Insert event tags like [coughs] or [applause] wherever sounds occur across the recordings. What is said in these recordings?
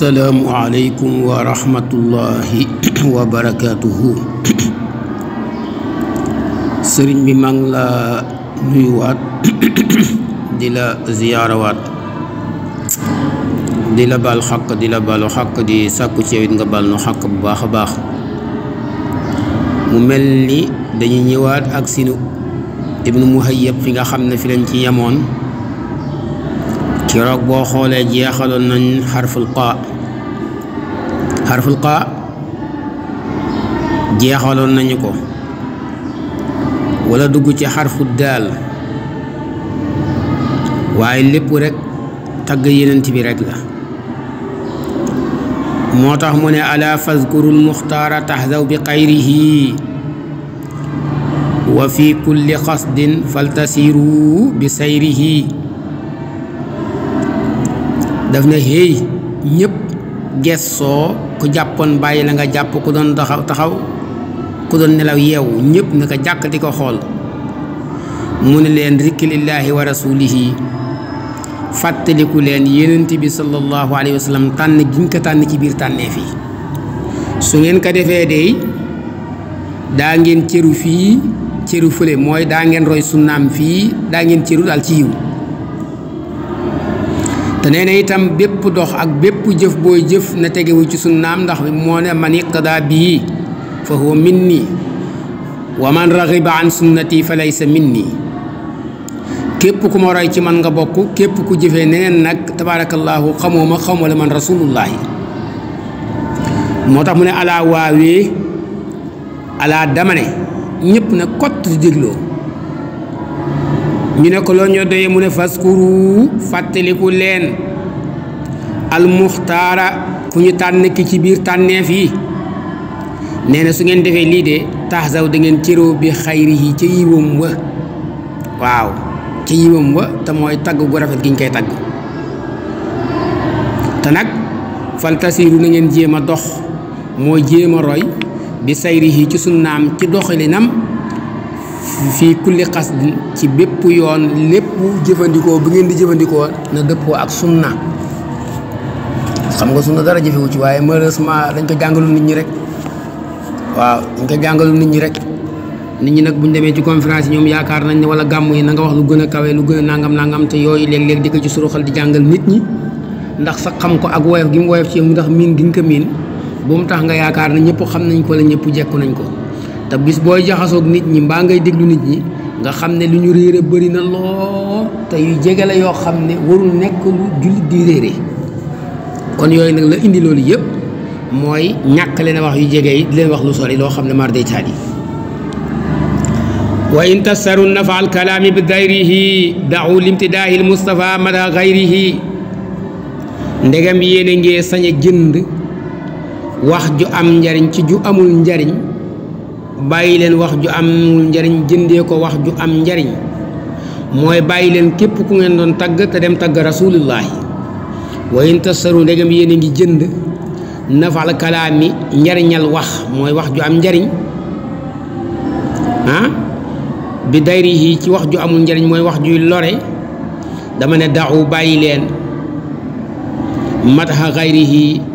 assalaamu aleykum wa rahmatullahi [clears throat] [clears throat] sëriñ bi maa la nuyuwaat [clears throat] di la ziyaarawaat di la baal xaq di la baalu xaq di sàkku ci nga baal nu xaq bu baax a baax mu mel ni dañuy ñëwaat ak sinu ibnu muhayyab fi nga xam ne fi lañ ci yamoon keroog boo xoolee jeexaloon nañ xarful qaa xarful xaa jeexaloon nañu ko wala dugg ci xarfu daal waaye lépp rek tagg yenent bi rek la moo tax mu ne ala fazkurul muxtaara taxdaw bi xayrihi wa fi kulli xasdin faltasiru bi sayrihi daf ne xéy ñépp gessoo ku jàppoon bàyyi la nga jàpp ku doon taxaw taxaw ku doon nelaw yeewu ñëpp naka jàkk di ko xool mu ne leen rikki lillaahi wa rasuulihi fàttaliku leen yonent bi sallallahu alayhi wa sallam tànn giñ ko tànn ci biir tànneef fii su ngeen ko defee dey daa ngeen cëru fii cëru fële mooy daa ngeen roy sunnaam fii daa ngeen cëru daal ci yiw te nee itam bépp dox ak bépp jëf booy jëf na tegewu ci sunnaam ndax moo ne man iqtada bii fa huwa minni wa man raxiba an sunnati fa laysa minni képp ku ma roy ci man nga bokk képp ku jëfe neneen nag tabaarakallaahu xamoo ma xaw ma la man rasulullahi moo tax mu ne alaa waawee alaa dama ne ñëpp na kott di dégloo ñu ne ko loo ñoo doyee mu ne faskuru fàttaliku leen almuxtaara fu ñu tànn ki ci biir tànneef yi nee na su ngeen defee lii de taxsaw da ngeen cëroo bi xayri yi ca yiwam wa waaw ca yiwam wa te mooy tagg gu rafet gi ñu koy tagg te nag faltasiru na ngeen jéem a dox moo jéem a roy bi sayri yi ci sunnaam ci doxalinam fii kulli xas ci bépp yoon lépp jëfandikoo bu ngeen di jëfandikoo na dëppoo ak sunna xam nga sunna dara jëfewu ci waaye malheureusement dañ ko jàngalu nit ñi rek waaw dañ ko jàngalu nit ñi rek nit ñi nag buñ demee ci conférence yi ñoom yaakaar nañ ne wala gàmm yi nanga wax lu gën a kawe lu gën nàngam nangam nangam te yooyu léeg-léeg di ko ci suruxal di jàngal nit ñi ndax sa xam ko ak woyof gi mu woyof ci yow mu tax miin gi nga ko miin bu mu tax nga yaakaar na ñëpp xam nañ ko la ñëpp jekku nañ ko te bis booy jaxasoog nit ñi mbaa ngay déglu nit ñi nga xam ne lu ñu réere bëri na loo te yu jege la yoo xam ne warul nekk lu jullit di réere kon yooyu nag la indi loolu yëpp mooy ñàkk leen wax yu jege yi leen wax lu sori loo xam ne mar day taal yi wa in tasaru nafa alkalaami bi gayrihi da'u limtidaahi lmustafa mada gayrihi ndegam yéen a ngee sañ a jënd wax ju am njariñ ci ju amul njariñ bàyyi leen wax ju amul njariñ jëndee ko wax ju am njariñ mooy bàyyi leen képp ku ngeen doon tagg te dem tagg rasuulullahi wa in tasaru ndegam yéen a ngi jënd nafal kalaami njariñal wax mooy wax ju am njariñ ah bi dayrihi ci wax ju amul njariñ mooy wax juy lore dama ne daaw bàyyi leen mataxa xayrihi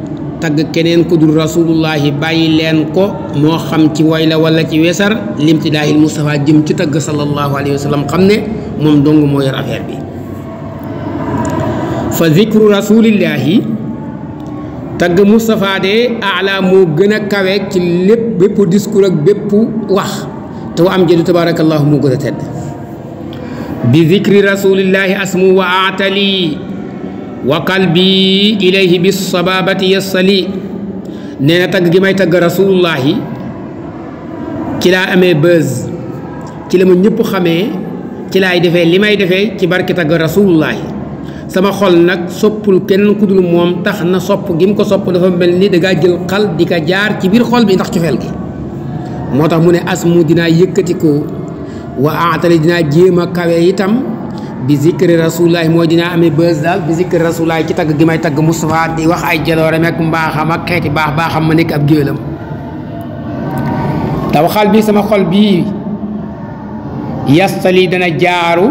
tagg keneen ku dul rasulullahi bàyyi leen ko moo xam ci way la wala ci wesar limtidaahil Moustapha jëm ci tagg sallallahu alayhi wa sallam xam ne moom dong moo yor affaire bi fa zikru ala moo gën a kawe ci lépp bépp discours ak bépp wax te wa am jëdu tabaarakallahu moo gën a tedd bi zikri rasulillahi asmu wa aatali wa qalbi ilayhi bis sababati yassali nee na tagg gi may tagg rasulullahi ci laa amee bës ci la ma ñëpp xame ci laay defee li may defee ci barki tagg rasulullahi sama xol nag soppul kenn ku moom tax na sopp gi mu ko sopp dafa mel ni dangaa jël xal di ko jaar ci biir xol bi ndax cofeel gi moo tax mu ne asmu dinaa yëkkati ko wa aatale dinaa jéem a kawe itam bi zikri rasulullahi mooy dinaa amee bës daal bi zikri rasulullahi ci tagg gi may tagg Moustapha di wax ay jaloore mekk mbaaxam ak xeeti baax baaxam ma nekk ab géwélam taw xal bi sama xol bii yastali dana jaaru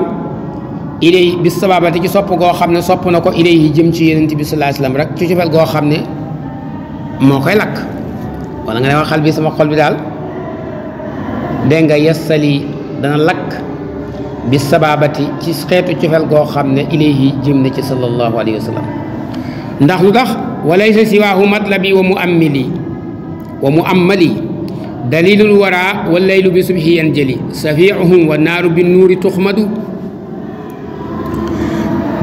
ilay bi sababati ci sopp goo xam ne sopp na ko ilay yi jëm ci yenent bi sallallahu rek ci cofeel goo xam ne moo koy lakk wala nga ne waxal bi sama xol bi daal dégg nga yastali dana lakk bi sabaabati ci xeetu cofeel goo xam ne ilayhi jëm na ci sallallahu alayhi wa sallam ndax lu tax walaysa siwaahu matlabi wa mu ammili wa mu ammali dalilul wara wa laylu bi subhi yan jëli safiuhum wa naaru bi nuuri tuxmadu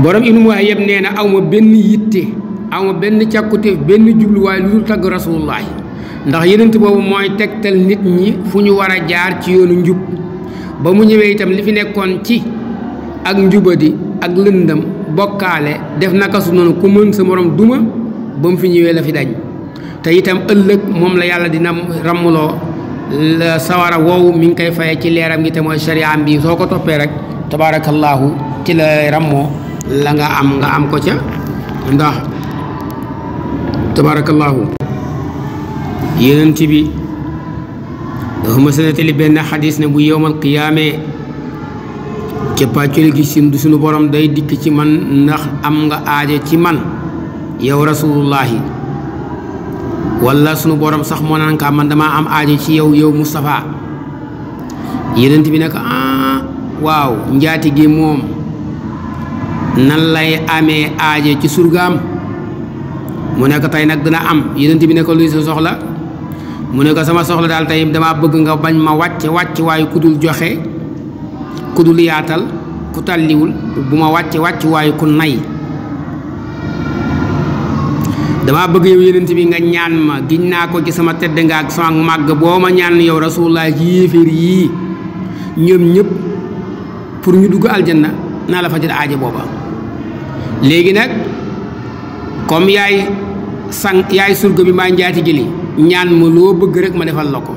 borom ibnu muhayyab nee na aw ma benn yitte aw benn càkkutéef benn jubluwaay lu dul tagg rasulullahi ndax yenent boobu mooy tegtal nit ñi fu ñu war a jaar ci yoonu njub ba mu ñëwee itam li fi nekkoon ci ak njubadi ak lëndam bokkaale def naka su noonu ku mën sa morom duma ba mu fi ñëwee la fi dañ te itam ëllëg moom la yàlla dina ràmmuloo sawara woowu mi ngi koy faye ci leeram gi te mooy sariyaam bi soo ko toppee rek tabaarakallaahu ci la rammoo la nga am nga am ko ca ndax tabaarakallaahu yeneen bi mës na nettali benn xadis ne bu yowmal qiyaamee cëppaacoli gi sin du suñu borom day dikk ci man ndax am nga aaje ci man yow rasulullahi wala sunu borom sax moo naan kaa man damaa am aaje ci yow yow Moustapha yenent bi nag ah waaw njaati gi moom nan lay ame aaje ci surgaam mu nekk tey nag dina am yenent bi ne ko luy sa soxla mu ne ko sama soxla daal tey damaa bëgg nga bañ ma wàcc wàcc waayu ku dul joxe ku dul yaatal ku tàlliwul bu ma wàcc wàcc waayu ku nay damaa bëgg yow yonent bi nga ñaan ma giñ naa ko ci sama tedd nga ak sama màgg boo ma ñaan yow rasulullah yéeféer yii ñoom ñëpp pour ñu dugg aljanna naa la fajal aajo booba léegi nag kom yaay sang yaay surga bi maa njaati jëli ñaan ma loo bëgg rek ma defal na ko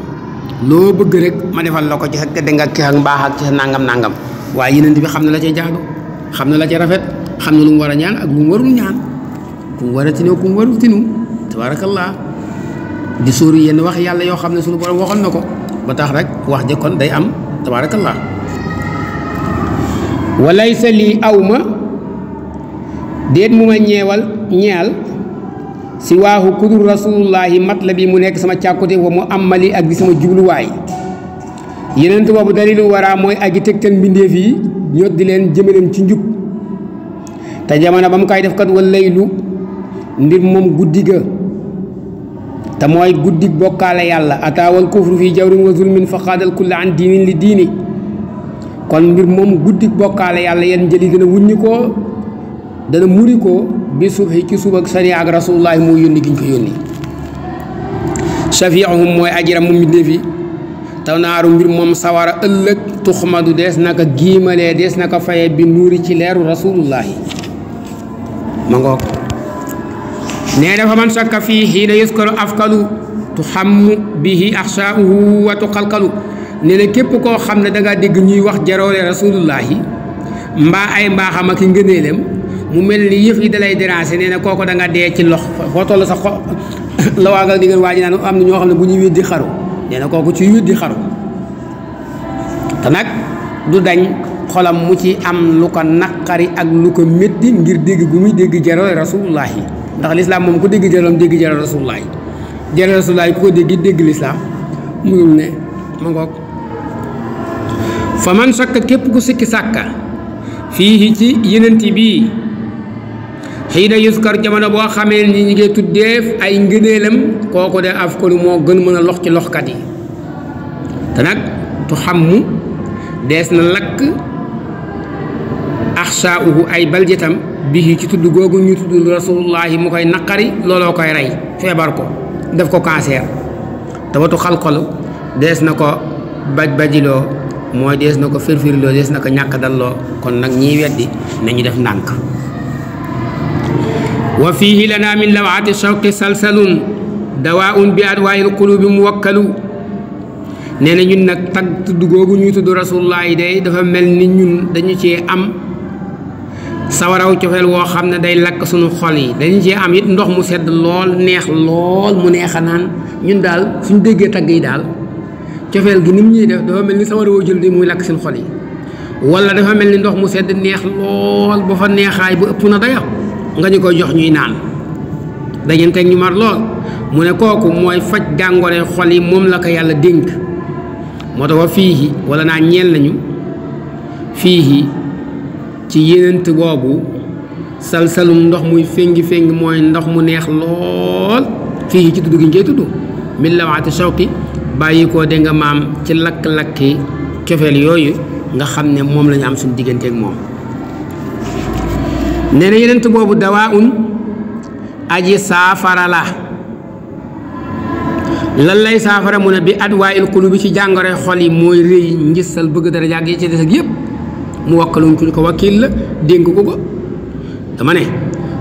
loo bëgg rek ma defal la ko ci sa tedd nga ak ci mbaax ak ci sa nangam nangam waaye yeneen bi xam ne la ca jaadu xam na la ca rafet xam na lu mu war a ñaan ak lu mu warul ñaan ku mu war a tinoo ku mu warul di sóori yenn wax yàlla yoo xam ne suñu boroom waxoon na ko ba tax rek wax ja day am tabaarakallaa walaysa lii aw ma mu ma ñeewal ñeal si waaxu kudur la bii mu nekk sama càkkute wa mu amali ak di sama jubluwaay yeneen boobu dalilu waraa mooy aji te mbindeef yi ñoo di leen jëmalam ci njub te jamono ba mu koy def kat wal lu ndir moom guddi ga te mooy guddi bokkaale yàlla ataawal kufru fii jawrin wa zulmin fa xaadal kulla an li diini kon mbir moom guddi bokkaale yàlla yan njëli dina wuññi dana muri ko bi subhi ci suba ak sariya ak rasulullahi moo yónni giñ ko yónni shafiihum mooy ajiram mu mbindee fi taw naaru mbir moom sawara ëllëg tuxmadu dees naka giimalee dees naka faye bi nuuri ci leeru rasulullahi ma ngoog nee dafa man sakka fii xiina yuskalu afkalu tu xammu bihi axshaauhu wa tu xalkalu nee na képp koo xam ne danga ngaa dégg ñuy wax jaroole rasulullahi mbaa ay mbaaxam ak i ngëneelam mu mel ni yëf yi dalay déranger nee na kooku danga dee ci lox foo toll sa xo [coughs] la waa nga digal waa ji naan am na ñoo xam ne bu ñu weddi xaru nee na kooku ci weddi xaru te nag du dañ xolam mu ci am lu ko naqari ak lu ko métti ngir dégg gu muy dégg jarooy rasulullah ndax lislaam moom ku dégg jaroom dégg jarooy rasulullah yi jarooy rasulullah yi ku ko dégg dégg lislaam munul ne ma ngoog fa man sakka képp ku sikki sàkka fii ci yenent bii xii na kar jamono boo xamee ni ñi ngi tuddeef ay ngëneelam kooku de af ko lu moo gën mën a lox ci loxkat yi te nag tu xammu dees na lakk axsa uhu ay baljetam bihi ci tudd googu ñu tudd rasulullahi mu koy naqari looloo koy rey feebar ko def ko cancer te watu xalxalu dees na ko baj bajiloo mooy dees na ko firfirloo dees na ko ñàkk dalloo kon nag ñiy weddi nañu def ndànk wa fiihi lana min lawaati shawqi salsalun dawaun bi adwaayil qulubi muwakkalu nee na ñun nag tag tudd googu ñuy tudd rasulullah yi day dafa mel ni ñun dañu cee am sawaraw cofeel woo xam ne day lakk suñu xol yi dañu cee am it ndox mu sedd lool neex lool mu neex a naan ñun daal suñ déggee tagg yi daal cofeel gi ni mu ñuy def dafa mel ni sawara woo jël di muy lakk seen xol yi wala dafa mel ni ndox mu sedd neex lool ba fa neexaay ba ëpp na dayaw nga ñu ko jox ñuy naan dangeen teg ñu mar lool mu ne kooku mooy faj jàngoro xol yi moom la ko yàlla dénk moo tax wa fii wala naa ñeel nañu fii ci yénant boobu salsalum ndox muy féngi-féngi mooy ndox mu neex lool fii ci tudd gi njëy tudd min lawaati shawqi bàyyi ko de nga maam ci lakk-lakki cofeel yooyu nga xam ne moom lañu am suñu digganteeg moom nee na boobu dawaa un aji saafara la lay saafara mu ne bi adwaa il qulubi ci jàngoro xol yi mooy rëy ngissal bëgg dara jàgg yi ci des ak yëpp mu wakkaluñ kuñ ko wakiil la dénk ko ko dama ne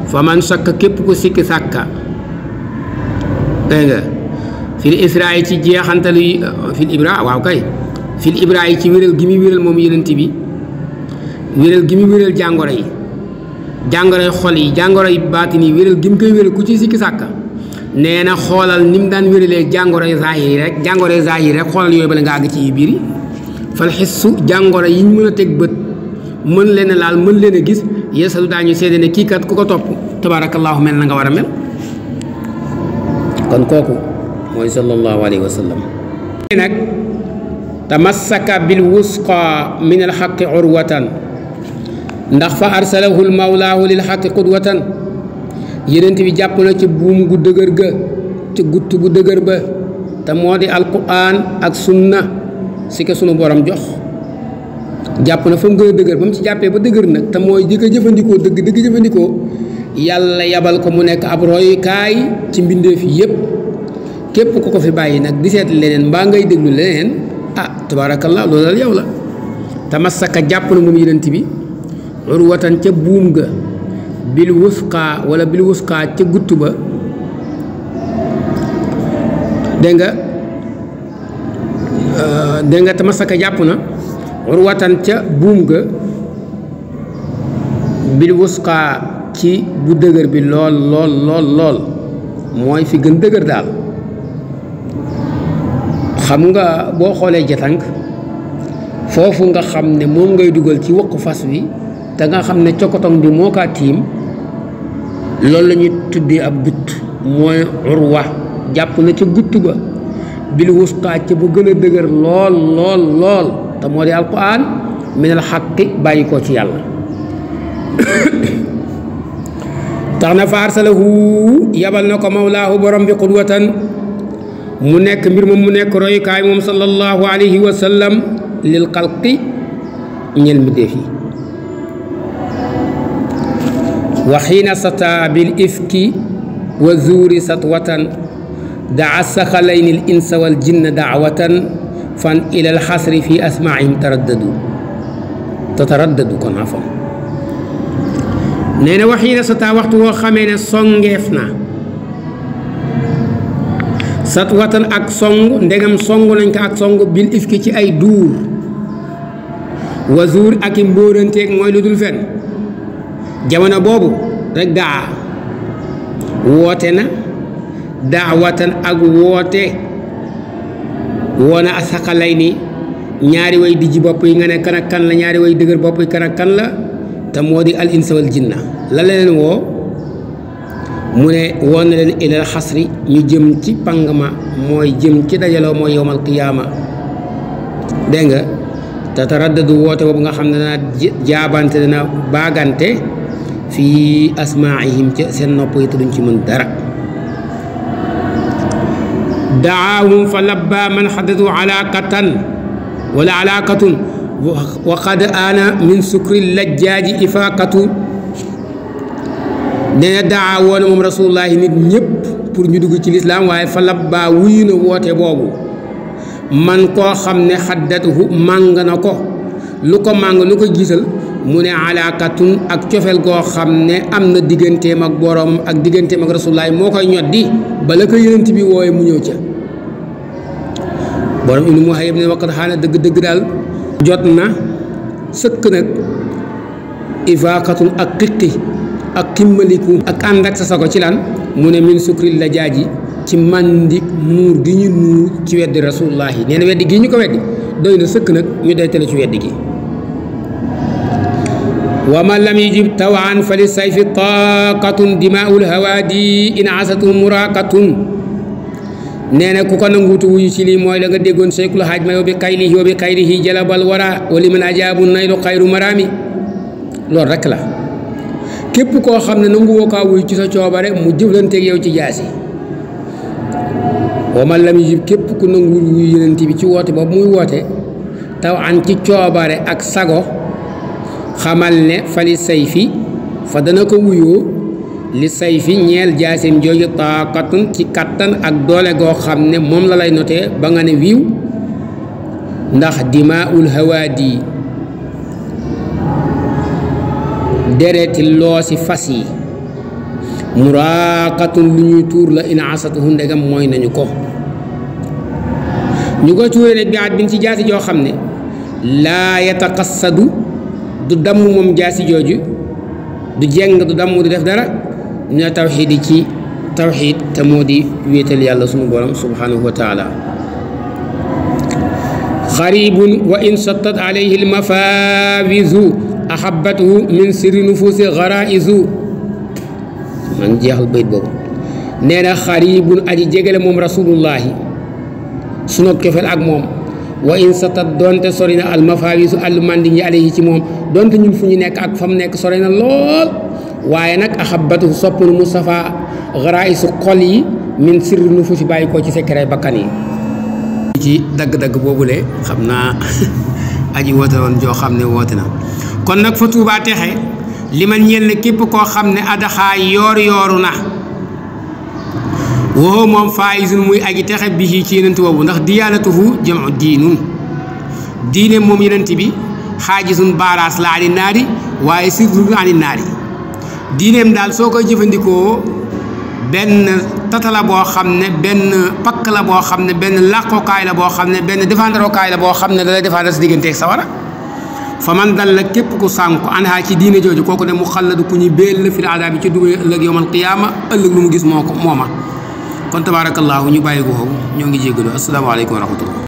fa man sakka képp ko sikki sàkka dégg fil isra yi ci jeexantal ibra waaw kay fil ibra yi ci wéral gi mu wéral moom yenent bi wéral gi muy wéral jàngoro yi jàngoroy xol yi jàngoroy baatin yi wéral gi mu koy wéral ku ci sikki sàkka nee na xoolal ni mu daan wéralee jàngoroy zahir yi rek jàngoroy zahir yi rek xoolal yooyu bala nga àgg ci biir yi fal xissu jàngoro yi mën a teg bët mën leen laal mën leen a gis yeesal daañu seede ne kii ku ko topp tabaarakallaahu mel na nga war a mel kon kooku mooy sallallahu alayhi wa sallam nag tamassaka bil wusqa min alxaqi urwatan ndax fa arsalahul mawlaahu lil xaqi qudwatan yenent bi jàpp na ci buum gu dëgër ga ci gutt gu dëgër ba te moo di alquran ak sunna si ko sunu borom jox jàpp na fa mu gën a dëgër ba mu ci jàppee ba dëgër nag te mooy di ko jëfandikoo dëgg dëgg jëfandikoo yàlla yebal ko mu nekk ab royukaay ci mbindeef yépp képp ku ko fi bàyyi nag di seet leneen mbaa ngay déglu leneen ah tabaarakallaa loolu daal yow la tamassaka jàpp na moom yenent bi urwatan ca buum ga bil wusqaa wala bil wusqaa ca gutt ba dégg nga euh, dégg nga tamasaka jàpp na urwatan ca buum ga bil wusqaa ci bu dëgër bi lool lool lool mooy fi gën dëgër daal xam nga boo xoolee jatang foofu nga xam ne moom ngay dugal ci wokk fas wi te nga xam ne cokotong bi moo kaa tiim loolu la ñuy tuddee ab gutt mooy urwa jàpp na ca gutt ba bil wusqaa ca bu gën a dëgër lool lool lool te moo di alquran ci yàlla [coughs] tax na ko mawlaahu borom bi mu nekk mbir moom mu nekk royukaay moom sallallahu alayhi wa lil xalqi ñel mi def yi wa xiina sataa bil ifki wa zuuri satwatan daa saxalayni l insa wal jinna daawatan fan ilal xasri fi asmaihim taraddadu tataraddadu kon afam waxiina sataa waxtu woo xamee ne songeef na satwatan ak song ndegam song nañ ko ak song bil ifki ci ay duur wa zuur ak i mooy lu dul fen jamono boobu rek daa woote na daawatan ak woote woona asaka lay ni ñaari way dijji bopp yi nga ne kan kan la ñaari woy dëgër bopp yi kan kan la te moo di al insa wal jinna la leen woo mu ne woon na leen ilal xasri ñu jëm ci pang ma mooy jëm ci dajaloo mooy yowmal qiyaama dégg nga te taraddadu woote boobu nga xam ne dana jaabante dana baagante fii asmaa'ihim seen nopp yi te ci mën dara daawum fa labba man xadatu alaakatan wala wa qad aana min sukri lajjaaji ifaakatu nee na woona moom rasulullahi nit ñëpp pour ñu dugg ci lislaam waaye fa labba wuyu na woote boobu man koo xam ne xaddatuhu màng na ko lu ko màng lu ko gisal mu ne alaakatun ak cofeel goo xam ne am na digganteem ak boroom ak digganteem ak rasulullaay moo koy ñoddi bala ko yonent bi wooye mu ñëw ca boroom ibnu muhayyib ne waqat xaana dëgg dëgg daal jot na sëkk nag ifaaqatun ak xiqi ak ximmaliku ak ànd sa sasa ko ci laan mu ne min sukril la jaaji ci màndik muur gi ñu nuur ci weddi rasulullahi nee na weddi gii ñu ko weddi doy na sëkk nag ñu daytale ci weddi gi wa man lam yujib tawan fa li sayfi taqatun dimaaul hawaadi in asatun muraqatun nee na ku ko nanguutu wuyu ci lii mooy la nga déggoon Seexul Haaj Mayo bi kaylihi kaylihi jalabal wara wa liman ajaabu naylu xayru maraami loolu rek la képp koo xam ne nanguwoo kaa wuyu ci sa coobare mu jëflanteeg yow ci jaasi wa man lam yujib képp ku nanguwul wuyu yonent bi ci woote boobu muy woote tawan ci coobare ak sago xamal ne fali say fi fa dana ko wuyoo li say fi ñeel jaasim jooju taaqatun ci kattan ak doole goo xam ne moom la lay notee ba nga ne wiiw ndax dimaaul hawaadi dereti loosi fas yi muraaqatun lu ñuy tuur la in asatuhu ndegam mooy nañu ko ñu ko tuuree nag bi at ci jaasi joo xam ne laa yataqassadu du damm moom jaasi jooju du jeng du damm du def dara ñu ne tawxiid ci tawxiid te moo di wéetal yàlla sunu borom subhanahu wa taala xaribun wa in sattat alayhi almafawisu ahabathu min sirri nufuusi garaisu maa jeexal bayit boobu nee na xaribun aji jegele moom rasulullahi sunu cofeel ak moom wa in satat donte sori na almafawisu àllu màndiñ yi alayhi ci moom donte ñun fu ñu nekk ak fa mu nekk sori na lool waaye nag axabatu sopp nu Moustapha xaraisu xol yi min sirri nu fu fi bàyyi koo ci secret bakkan yi ci dagg-dagg boobu boobule xam naa [laughs] aji woote joo xam ne woote na kon nag fa tuubaa texe li ma ñeel képp koo xam ne adaxaa yoor yooru na woo moom faayisun muy aji texe bi ci yenent boobu ndax diyaanatuhu jamu diinun diine moom yenent bi xaajisun baaraas la ani naari waaye sirrun ani naari diineem daal soo koy jëfandikoo benn tata boo xam ne benn pakk la boo xam ne benn làqokaay la boo xam ne benn défendarokaay la boo xam ne dalay défendre sa digganteeg a fa man dal la képp ku sànku anha ci diine jooju kooku ne mu xalladu ku ñu béel la fil adaabi ci dugg ëllëg yowmal mu gis moo ko mooma kon tabaarakallaahu ñu bàyyi ko foofu ñoo ngi jéggalu asalaamaaleykum wa rahmatullah